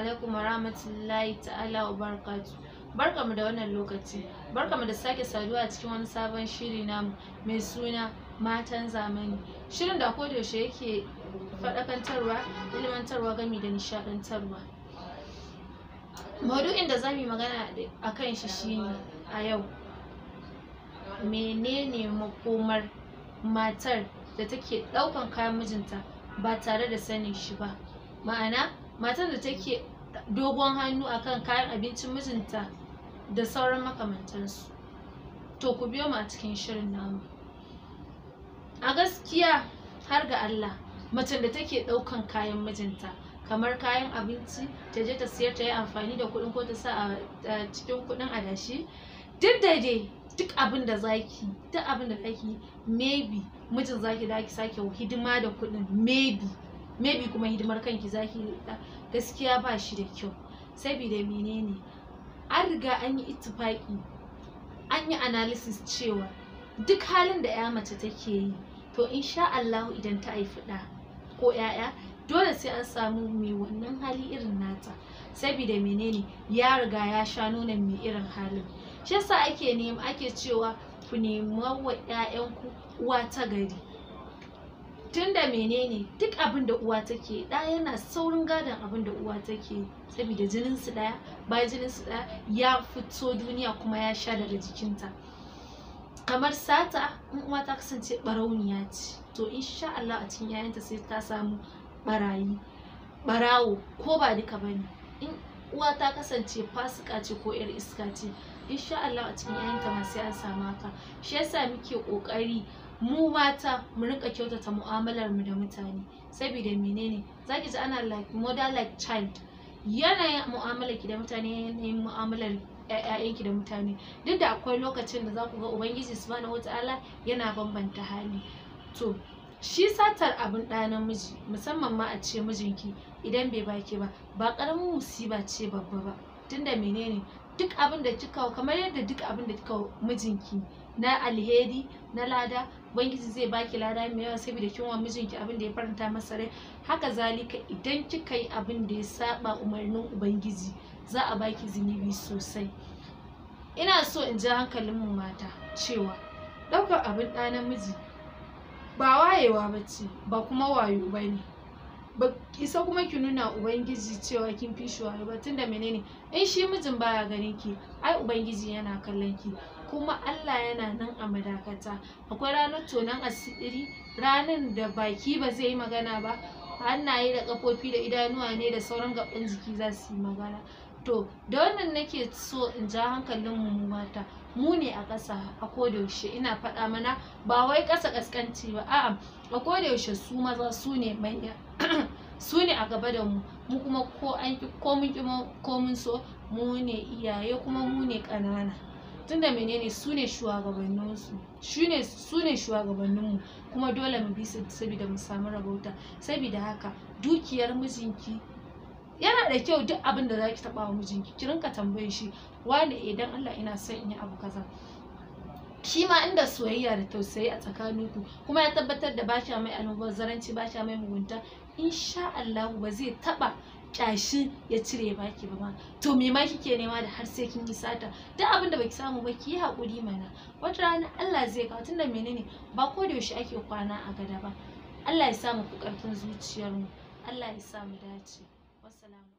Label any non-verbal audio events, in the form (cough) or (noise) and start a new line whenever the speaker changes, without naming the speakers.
alaikum warahmatullahi ta'ala wa barakatu Barka mu da wannan lokaci mu da sake saduwa a cikin wani sabon shiri na mai suna matan zamani shirin da ko yaushe yake faɗakantarwa ilimantarwa, gami da nishaɗantarwa maudu'in da zamu yi magana a kan shi shine a yau menene makomar matar da take ɗaukan kayan mijinta ba tare da sanin shi ba ma'ana matar da take dogon hannu akan kayan abincin mijinta da sauran makamantansu to ku biyo mu a cikin shirin namu a gaskiya har ga Allah macen da take ɗaukan kayan mijinta kamar kayan abinci ta je ta siyar ta yi amfani da kuɗin ko ta sa a cikin kuɗin adashi duk da dai duk abin da zaki duk abin da zaki maybe mijin zaki ki sake hidima da kuɗin maybe maybe kuma hidimar kanki zaki gaskiya ba shi da kyau saboda menene an riga an yi ittifaki an yi analysis cewa duk halin da ya mace take yi to insha Allah idan ta haifi ɗa ko 'ya'ya dole sai an samu mai wannan hali irin nata saboda menene ya riga ya sha nuna mai irin halin shi yasa ake nema ake cewa ku nemi wa 'ya'yanku uwa ta gari tunda menene duk abin da uwa take ɗa yana saurin gadon abin da uwa take saboda jinin su daya bayan jinin su ɗaya ya fito duniya kuma ya sha daga jikinta kamar sata in uwa ta kasance barauniya ce to insha Allah a cikin yayanta sai ta samu barayi barawo ko ba duka bane in uwa ta kasance fasika ce ko yar iska ce insha Allah a cikin yayanta ma sai an samu haka shi yasa muke kokari mu mata mu rinka kyautata mu'amalar mu da mutane saboda menene zaki ji ana like mother like child yanayin mu'amalar ki da mutane yanayin mu'amalar ƴaƴanki da mutane duk da akwai lokacin da zaku ga ubangiji subhanahu wataala yana bambanta hali to shi satar abin ɗa miji, musamman ma a ce mijinki idan bai baki ba ba ƙaramin musiba ce babba ba tunda menene duk abin da kika kamar yadda duk abin da kika mijinki na alheri na lada ubangiji zai baki lada mai yawa saboda kin wa mijinki abin da ya faranta masa rai haka zalika idan kika yi abin da ya saba umarnin ubangiji za a baki zunubi sosai ina so in ji hankalin mu mata cewa ɗaukar abin ɗa namiji ba wayewa ba ce ba kuma wayo ba ne ba isa kuma ki nuna ubangiji cewa kin fi shi wayo ba tunda menene in shi mijin baya ganin ki ai ubangiji yana kallon ki kuma Allah yana nan a madakata akwai ranar tonon asiri ranar da baki ba zai yi magana ba hannaye da kafofi da idanuwa ne da sauran gaban jiki za su yi magana to da wannan nake so in ja hankalin mu mata mu ne a ƙasa a kodayaushe ina faɗa mana ba wai ƙasa ƙasƙanci ba a'a a kodayaushe su maza su ne manya (clears throat) su ne a gaba da mu mu kuma ko an ko mun ko mun so mu ne iyaye kuma mu ne ƙanana tunda menene su ne shugabanninmu kuma dole mu bi su saboda mu samu rabauta saboda haka dukiyar mijinki yana da kyau duk abin da zaki taba wa mijinki ki rinka tambaye shi wani idan Allah ina son in yi abu kaza kima ma inda soyayya da tausayi a tsakaninku kuma ya tabbatar da ba mai almubazzaranci ba mai mugunta insha Allah ba zai taba kyashi ya cire baki ba ma to me ma kike nema da har sai kin yi sata duk abin da baki samu ba ki yi haƙuri mana wata rana Allah zai kawo tunda menene ba ko da yaushe ake kwana a gada ba Allah ya sa mu ku ƙarfin zuciyarmu Allah ya sa dace wassalamu